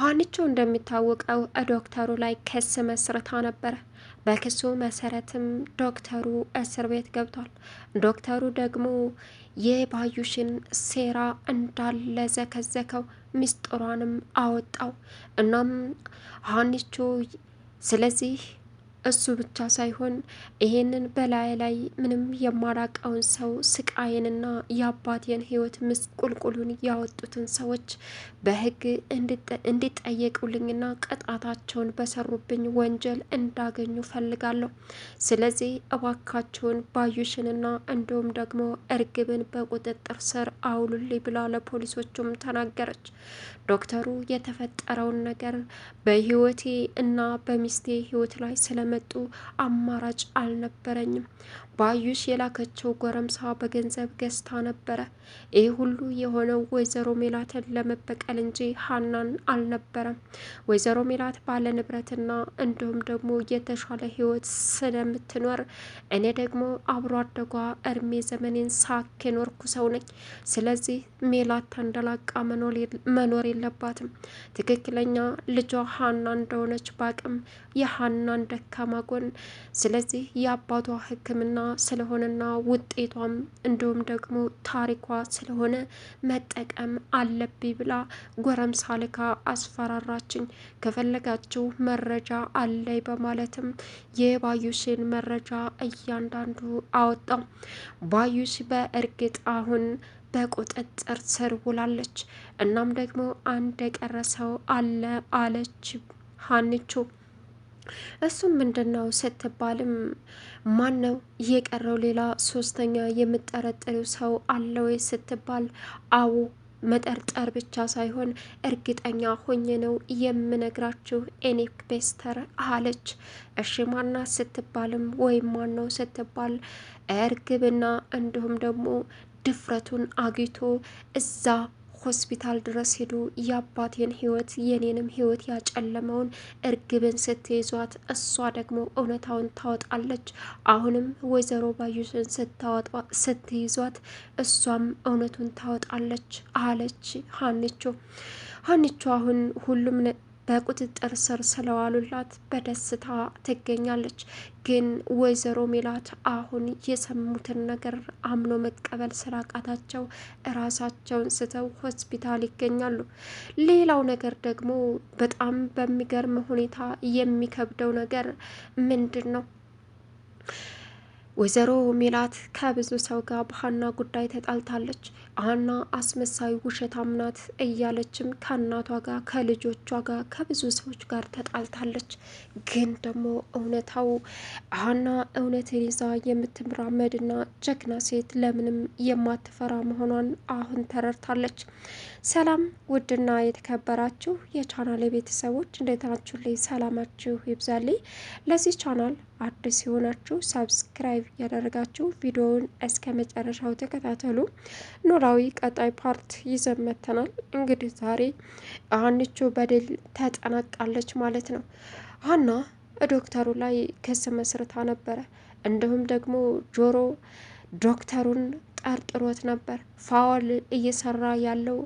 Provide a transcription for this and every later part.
ሀኒቾ እንደሚታወቀው ዶክተሩ ላይ ክስ መስርታ ነበረ። በክሱ መሰረትም ዶክተሩ እስር ቤት ገብቷል። ዶክተሩ ደግሞ የባዩሽን ሴራ እንዳለ ዘከዘከው፣ ሚስጥሯንም አወጣው። እናም ሀኒቾ ስለዚህ እሱ ብቻ ሳይሆን ይሄንን በላይ ላይ ምንም የማራቀውን ሰው ስቃይንና የአባቴን ሕይወት ምስቁልቁሉን ያወጡትን ሰዎች በሕግ እንዲጠየቁልኝና ቅጣታቸውን በሰሩብኝ ወንጀል እንዳገኙ ፈልጋለሁ። ስለዚህ እባካቸውን ባዩሽንና እንዲሁም ደግሞ እርግብን በቁጥጥር ስር አውሉልኝ ብላ ለፖሊሶቹም ተናገረች። ዶክተሩ የተፈጠረውን ነገር በህይወቴ እና በሚስቴ ሕይወት ላይ ስለመ መጡ። አማራጭ አልነበረኝም። ባዩሽ የላከችው ጎረምሳ በገንዘብ ገዝታ ነበረ። ይህ ሁሉ የሆነው ወይዘሮ ሜላትን ለመበቀል እንጂ ሀናን አልነበረም። ወይዘሮ ሜላት ባለ ንብረትና እንዲሁም ደግሞ የተሻለ ህይወት ስለምትኖር እኔ ደግሞ አብሮ አደጓ እድሜ ዘመኔን ሳክ የኖርኩ ሰው ነኝ። ስለዚህ ሜላት ተንደላቃ መኖር የለባትም። ትክክለኛ ልጇ ሀና እንደሆነች ባቅም የሀናን ደካማ ጎን ስለዚህ የአባቷ ህክምና ። ስለሆነና ውጤቷም እንዲሁም ደግሞ ታሪኳ ስለሆነ መጠቀም አለብኝ ብላ ጎረምሳ ልካ አስፈራራችኝ። ከፈለጋችሁ መረጃ አለይ በማለትም የባዩሽን መረጃ እያንዳንዱ አወጣው። ባዩሽ በእርግጥ አሁን በቁጥጥር ስር ውላለች። እናም ደግሞ አንድ የቀረ ሰው አለ አለች ሀንቹ እሱም ምንድን ነው ስትባልም ማን ነው የቀረው ሌላ ሶስተኛ የምጠረጥሪው ሰው አለ ወይ ስትባል አዎ መጠርጠር ብቻ ሳይሆን እርግጠኛ ሆኜ ነው የምነግራችሁ ኤኒክ ቤስተር አለች። እሺ ማናት ስትባልም ወይም ማን ነው ስትባል እርግብና እንዲሁም ደግሞ ድፍረቱን አግኝቶ እዛ ሆስፒታል ድረስ ሄዶ የአባቴን ህይወት የኔንም ህይወት ያጨለመውን እርግብን ስትይዟት እሷ ደግሞ እውነታውን ታወጣለች። አሁንም ወይዘሮ ባዩሽን ስትይዟት እሷም እውነቱን ታወጣለች አለች ሀንቾ። ሀንቾ አሁን ሁሉም በቁጥጥር ስር ስለዋሉላት በደስታ ትገኛለች። ግን ወይዘሮ ሜላት አሁን የሰሙትን ነገር አምኖ መቀበል ስላቃታቸው እራሳቸውን ስተው ሆስፒታል ይገኛሉ። ሌላው ነገር ደግሞ በጣም በሚገርም ሁኔታ የሚከብደው ነገር ምንድን ነው? ወይዘሮ ሚላት ከብዙ ሰው ጋር በሀና ጉዳይ ተጣልታለች። ሀና አስመሳይ ውሸታም ናት እያለችም ከእናቷ ጋር ከልጆቿ ጋር ከብዙ ሰዎች ጋር ተጣልታለች። ግን ደግሞ እውነታው ሀና እውነትን ይዛ የምትራመድና ጀግና ሴት ለምንም የማትፈራ መሆኗን አሁን ተረድታለች። ሰላም ውድና የተከበራችሁ የቻናል ቤተሰቦች እንዴት ናችሁ? ላይ ሰላማችሁ ይብዛልኝ። ለዚህ ቻናል አዲስ ሲሆናችሁ ሳብስክራይብ ያደረጋችሁ ቪዲዮውን እስከ መጨረሻው ተከታተሉ። ኖላዊ ቀጣይ ፓርት ይዘን መጥተናል። እንግዲህ ዛሬ ሀኒቾ በድል ተጠናቃለች ማለት ነው። ሀና ዶክተሩ ላይ ክስ መስርታ ነበረ። እንዲሁም ደግሞ ጆሮ ዶክተሩን ጠርጥሮት ነበር። ፋውል እየሰራ ያለው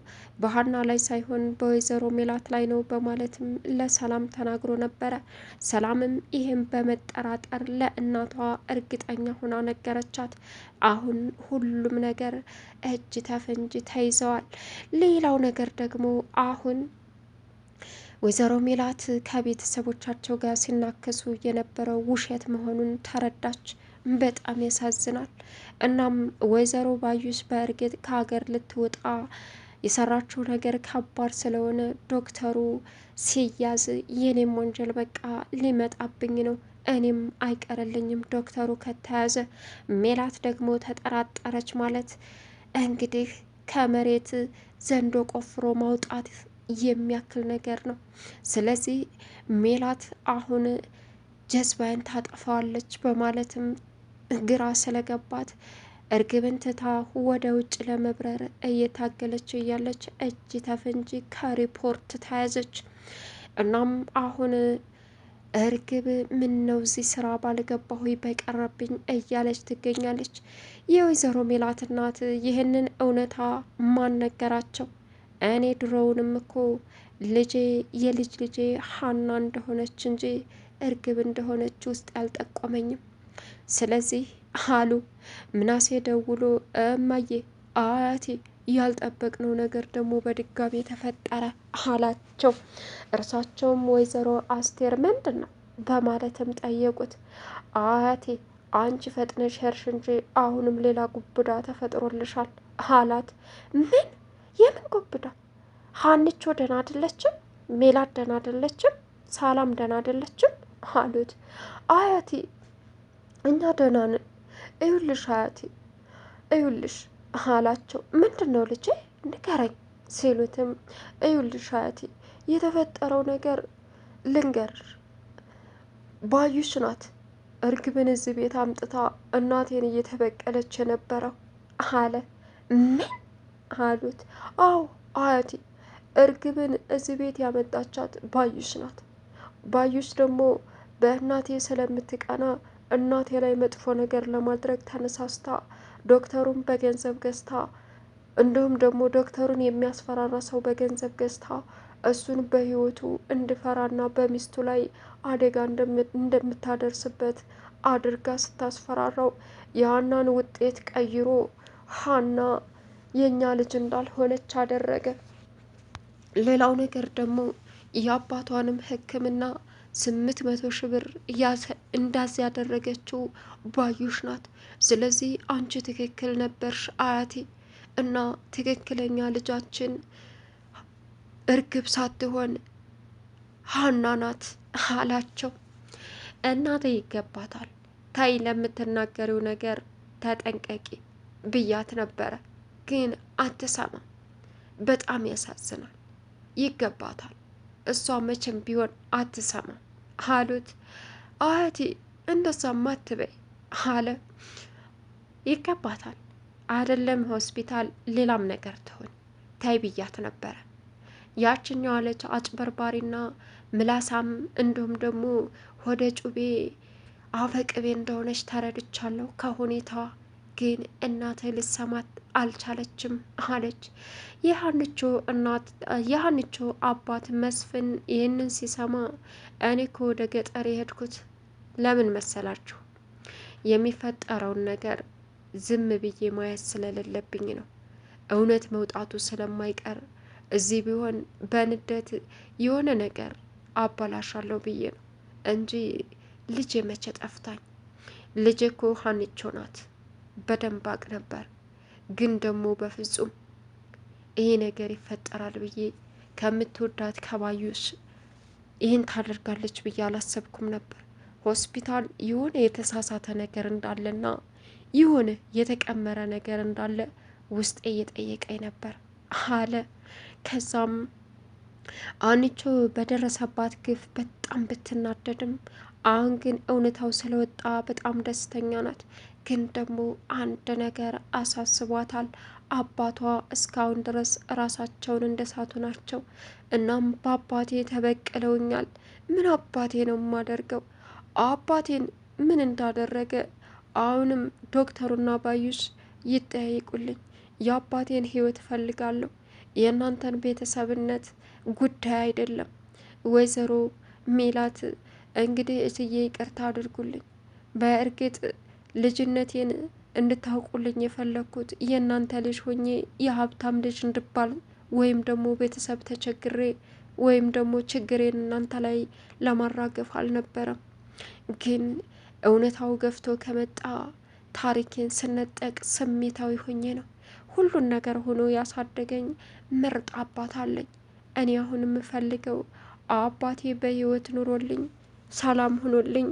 በሀና ላይ ሳይሆን በወይዘሮ ሜላት ላይ ነው በማለትም ለሰላም ተናግሮ ነበረ። ሰላምም ይህም በመጠራጠር ለእናቷ እርግጠኛ ሆና ነገረቻት። አሁን ሁሉም ነገር እጅ ተፈንጅ ተይዘዋል። ሌላው ነገር ደግሞ አሁን ወይዘሮ ሜላት ከቤተሰቦቻቸው ጋር ሲናከሱ የነበረው ውሸት መሆኑን ተረዳች። በጣም ያሳዝናል። እናም ወይዘሮ ባዩስ በእርግጥ ከሀገር ልትወጣ የሰራችው ነገር ከባድ ስለሆነ ዶክተሩ ሲያዝ የኔም ወንጀል በቃ ሊመጣብኝ ነው እኔም አይቀርልኝም ዶክተሩ ከተያዘ ሜላት ደግሞ ተጠራጠረች ማለት እንግዲህ ከመሬት ዘንዶ ቆፍሮ ማውጣት የሚያክል ነገር ነው። ስለዚህ ሜላት አሁን ጀዝባይን ታጠፋዋለች በማለትም ግራ ስለገባት እርግብን ትታ ወደ ውጭ ለመብረር እየታገለች እያለች እጅ ተፈንጂ ከሪፖርት ተያዘች። እናም አሁን እርግብ ምን ነው እዚህ ስራ ባልገባሁ በቀረብኝ እያለች ትገኛለች። የወይዘሮ ሜላት እናት ይህንን እውነታ ማን ነገራቸው? እኔ ድሮውንም እኮ ልጄ የልጅ ልጄ ሀና እንደሆነች እንጂ እርግብ እንደሆነች ውስጥ አልጠቆመኝም ስለዚህ አሉ ምናሴ ደውሎ እማዬ አያቴ ያልጠበቅነው ነገር ደግሞ በድጋሚ ተፈጠረ አላቸው። እርሳቸውም ወይዘሮ አስቴር ምንድን ነው በማለትም ጠየቁት። አያቴ አንቺ ፈጥነሽ ሄርሽ እንጂ አሁንም ሌላ ጉብዳ ተፈጥሮልሻል አላት። ምን የምን ጉብዳ? ሀንቾ ደህና አይደለችም፣ ሜላት ደህና አይደለችም፣ ሳላም ደህና አይደለችም አሉት አያቴ እኛ ደህና ነን እዩልሽ አያቴ እዩልሽ አላቸው። ምንድን ነው ልጄ ንገረኝ ሲሉትም እዩልሽ አያቴ የተፈጠረው ነገር ልንገርሽ፣ ባዩሽ ናት እርግብን እዚህ ቤት አምጥታ እናቴን እየተበቀለች የነበረው አለ። ምን አሉት? አዎ አያቴ እርግብን እዚህ ቤት ያመጣቻት ባዩሽ ናት። ባዩሽ ደግሞ በእናቴ ስለምትቀና እናቴ ላይ መጥፎ ነገር ለማድረግ ተነሳስታ ዶክተሩን በገንዘብ ገዝታ እንዲሁም ደግሞ ዶክተሩን የሚያስፈራራ ሰው በገንዘብ ገዝታ እሱን በህይወቱ እንዲፈራና በሚስቱ ላይ አደጋ እንደምታደርስበት አድርጋ ስታስፈራራው የሀናን ውጤት ቀይሮ ሀና የእኛ ልጅ እንዳልሆነች አደረገ። ሌላው ነገር ደግሞ የአባቷንም ሕክምና ስምንት መቶ ሺህ ብር እንዳዝ ያደረገችው ባዩሽ ናት። ስለዚህ አንቺ ትክክል ነበርሽ አያቴ እና ትክክለኛ ልጃችን እርግብ ሳትሆን ሀና ናት አላቸው። እናቴ ይገባታል ታይ ለምትናገሪው ነገር ተጠንቀቂ ብያት ነበረ፣ ግን አትሰማም። በጣም ያሳዝናል። ይገባታል እሷ መቼም ቢሆን አትሰማም። አሉት። አያቴ እንደዛም ማትበይ አለ። ይገባታል አይደለም ሆስፒታል፣ ሌላም ነገር ትሆን ታይብያት ብያት ነበረ። ያችኛው አለች አጭበርባሪና ምላሳም እንዲሁም ደግሞ ወደ ጩቤ አፈቅቤ እንደሆነች ተረድቻለሁ ከሁኔታዋ ግን እናተ ልሰማት አልቻለችም አለች። የሀንቾ እናት የሀንቾ አባት መስፍን ይህንን ሲሰማ እኔ እኮ ወደ ገጠር የሄድኩት ለምን መሰላችሁ? የሚፈጠረውን ነገር ዝም ብዬ ማየት ስለሌለብኝ ነው። እውነት መውጣቱ ስለማይቀር እዚህ ቢሆን በንደት የሆነ ነገር አባላሻለሁ ብዬ ነው እንጂ ልጄ መቼ ጠፍታኝ። ልጄ እኮ ሀንቾ ናት። በደንብ አቅ ነበር። ግን ደግሞ በፍጹም ይሄ ነገር ይፈጠራል ብዬ ከምትወዳት ከባዩሽ ይህን ታደርጋለች ብዬ አላሰብኩም ነበር። ሆስፒታል የሆነ የተሳሳተ ነገር እንዳለና የሆነ የተቀመረ ነገር እንዳለ ውስጤ እየጠየቀኝ ነበር አለ። ከዛም አንቾ በደረሰባት ግፍ በጣም ብትናደድም አሁን ግን እውነታው ስለወጣ በጣም ደስተኛ ናት። ግን ደግሞ አንድ ነገር አሳስቧታል። አባቷ እስካሁን ድረስ ራሳቸውን እንደሳቱ ናቸው። እናም በአባቴ ተበቅለውኛል። ምን አባቴ ነው የማደርገው? አባቴን ምን እንዳደረገ አሁንም ዶክተሩና ባዩሽ ይጠያይቁልኝ። የአባቴን ሕይወት እፈልጋለሁ። የእናንተን ቤተሰብነት ጉዳይ አይደለም። ወይዘሮ ሜላት እንግዲህ እትዬ ይቅርታ አድርጉልኝ። በእርግጥ ልጅነቴን እንድታውቁልኝ የፈለግኩት የእናንተ ልጅ ሆኜ የሀብታም ልጅ እንድባል ወይም ደግሞ ቤተሰብ ተቸግሬ ወይም ደግሞ ችግሬን እናንተ ላይ ለማራገፍ አልነበረም። ግን እውነታው ገፍቶ ከመጣ ታሪኬን ስነጠቅ ስሜታዊ ሆኜ ነው። ሁሉን ነገር ሆኖ ያሳደገኝ ምርጥ አባት አለኝ። እኔ አሁን የምፈልገው አባቴ በህይወት ኑሮልኝ ሰላም ሆኖልኝ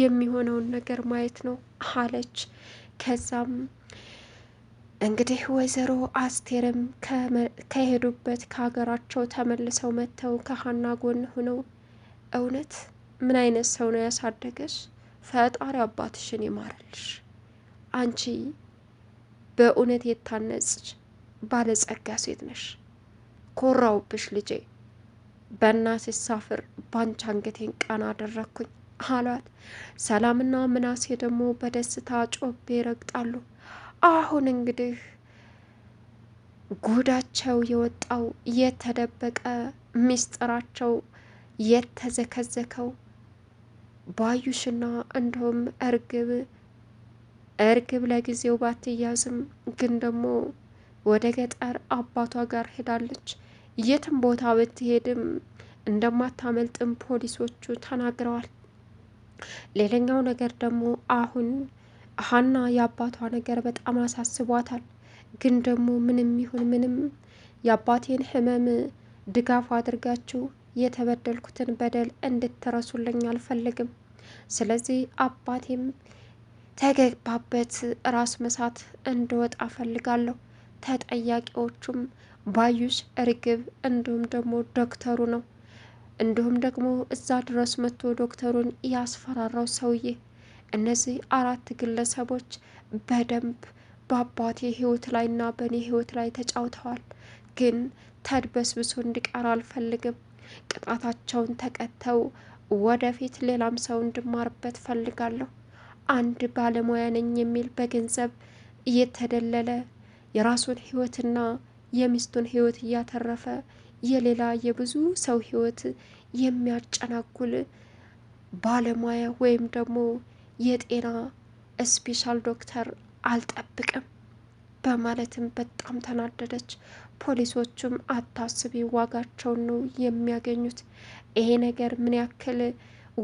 የሚሆነውን ነገር ማየት ነው አለች። ከዛም እንግዲህ ወይዘሮ አስቴርም ከሄዱበት ከሀገራቸው ተመልሰው መጥተው ከሀና ጎን ሆነው እውነት ምን አይነት ሰው ነው ያሳደገሽ? ፈጣሪ አባትሽን ይማረልሽ። አንቺ በእውነት የታነጽች ባለጸጋ ሴት ነሽ። ኮራውብሽ ልጄ። በእናትሽ ሳፍር ባንቺ አንገቴን ቀና አደረግኩኝ። አሏት። ሰላምና ምናሴ ደግሞ በደስታ ጮቤ ይረግጣሉ። አሁን እንግዲህ ጉዳቸው የወጣው የተደበቀ ሚስጥራቸው የተዘከዘከው ባዩሽና እንዲሁም እርግብ እርግብ ለጊዜው ባትያዝም ግን ደግሞ ወደ ገጠር አባቷ ጋር ሄዳለች። የትም ቦታ ብትሄድም እንደማታመልጥም ፖሊሶቹ ተናግረዋል። ሌላኛው ነገር ደግሞ አሁን ሀና የአባቷ ነገር በጣም አሳስቧታል። ግን ደግሞ ምንም ይሁን ምንም የአባቴን ህመም ድጋፍ አድርጋችሁ የተበደልኩትን በደል እንድትረሱልኝ አልፈልግም። ስለዚህ አባቴም ተገባበት ራስ መሳት እንድወጣ ፈልጋለሁ። ተጠያቂዎቹም ባዩሽ፣ እርግብ እንዲሁም ደግሞ ዶክተሩ ነው። እንዲሁም ደግሞ እዛ ድረስ መጥቶ ዶክተሩን ያስፈራራው ሰውዬ እነዚህ አራት ግለሰቦች በደንብ በአባቴ ሕይወት ላይና በእኔ ሕይወት ላይ ተጫውተዋል። ግን ተድበስብሶ እንዲቀር አልፈልግም። ቅጣታቸውን ተቀተው ወደፊት ሌላም ሰው እንድማርበት ፈልጋለሁ። አንድ ባለሙያ ነኝ የሚል በገንዘብ እየተደለለ የራሱን ሕይወትና የሚስቱን ሕይወት እያተረፈ የሌላ የብዙ ሰው ህይወት የሚያጨናጉል ባለሙያ ወይም ደግሞ የጤና ስፔሻል ዶክተር አልጠብቅም በማለትም በጣም ተናደደች። ፖሊሶቹም አታስቢ፣ ዋጋቸውን ነው የሚያገኙት። ይሄ ነገር ምን ያክል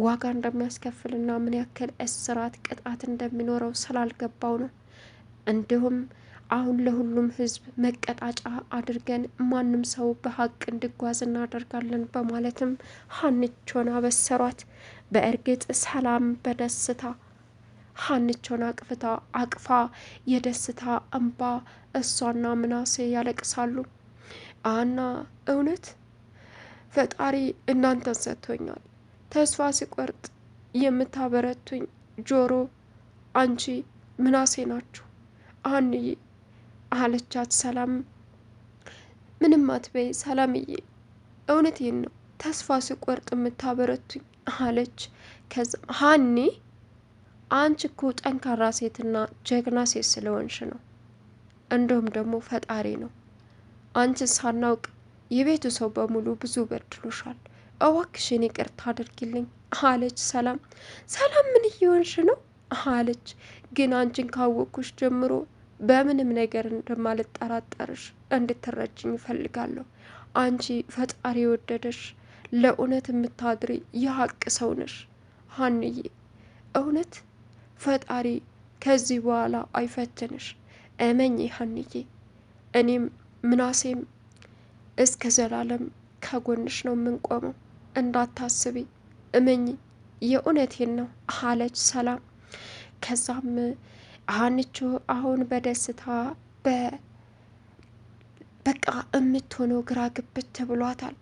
ዋጋ እንደሚያስከፍልና ምን ያክል እስራት ቅጣት እንደሚኖረው ስላልገባው ነው እንዲሁም አሁን ለሁሉም ህዝብ መቀጣጫ አድርገን ማንም ሰው በሀቅ እንዲጓዝ እናደርጋለን በማለትም ሀንቾን አበሰሯት። በእርግጥ ሰላም በደስታ ሀንቾን አቅፍታ አቅፋ የደስታ እንባ እሷና ምናሴ ያለቅሳሉ። አና እውነት ፈጣሪ እናንተን ሰጥቶኛል። ተስፋ ሲቆርጥ የምታበረቱኝ ጆሮ፣ አንቺ ምናሴ ናችሁ። አንዬ አለቻት። ሰላም ምንም አትበይ ሰላምዬ፣ እውነቴን ነው ተስፋ ስቆርጥ የምታበረቱኝ አለች። ከዛ ሀኒ አንቺ እኮ ጠንካራ ሴትና ጀግና ሴት ስለሆንሽ ነው፣ እንዲሁም ደግሞ ፈጣሪ ነው አንቺ ሳናውቅ የቤቱ ሰው በሙሉ ብዙ በድሎሻል። እባክሽን ይቅርታ አድርጊልኝ አለች ሰላም። ሰላም ምን እየሆንሽ ነው አለች። ግን አንቺን ካወቅኩሽ ጀምሮ በምንም ነገር እንደማልጠራጠርሽ እንድትረጅኝ ይፈልጋለሁ። አንቺ ፈጣሪ የወደደሽ ለእውነት የምታድሪ የሀቅ ሰው ነሽ ሀንዬ። እውነት ፈጣሪ ከዚህ በኋላ አይፈትንሽ፣ እመኝ ሀንዬ። እኔም ምናሴም እስከ ዘላለም ከጎንሽ ነው የምንቆመው፣ እንዳታስቢ እመኝ። የእውነቴን ነው አለች ሰላም። ከዛም ሀንቹ አሁን በደስታ በቃ የምትሆነው ግራ ግብት ተብሏታል።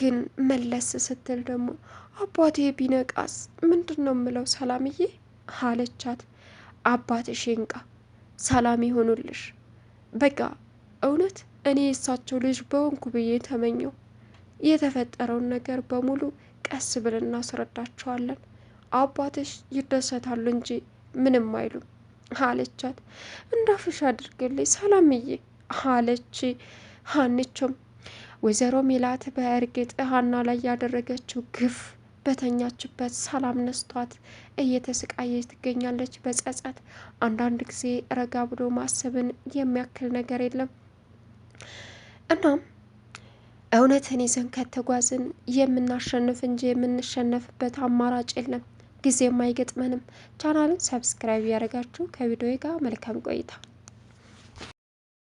ግን መለስ ስትል ደግሞ አባቴ ቢነቃስ ምንድን ነው የምለው ሰላምዬ አለቻት። አባትሽ ይንቃ፣ ሰላም ይሆኑልሽ። በቃ እውነት እኔ የእሳቸው ልጅ በወንኩ ብዬ ተመኘው። የተፈጠረውን ነገር በሙሉ ቀስ ብለን እናስረዳቸዋለን። አባትሽ ይደሰታሉ እንጂ ምንም አይሉም። አለቻት። እንዳፍሽ አድርግልኝ ሰላምዬ አለች። ሀንቾም ወይዘሮ ሚላት በእርግጥ ሀና ላይ ያደረገችው ግፍ በተኛችበት ሰላም ነስቷት እየተሰቃየች ትገኛለች በጸጸት። አንዳንድ ጊዜ ረጋ ብሎ ማሰብን የሚያክል ነገር የለም። እናም እውነትን ይዘን ከተጓዝን የምናሸንፍ እንጂ የምንሸነፍበት አማራጭ የለም። ጊዜም አይገጥመንም። ቻናልን ሰብስክራይብ ያደረጋችሁ ከቪዲዮ ጋር መልካም ቆይታ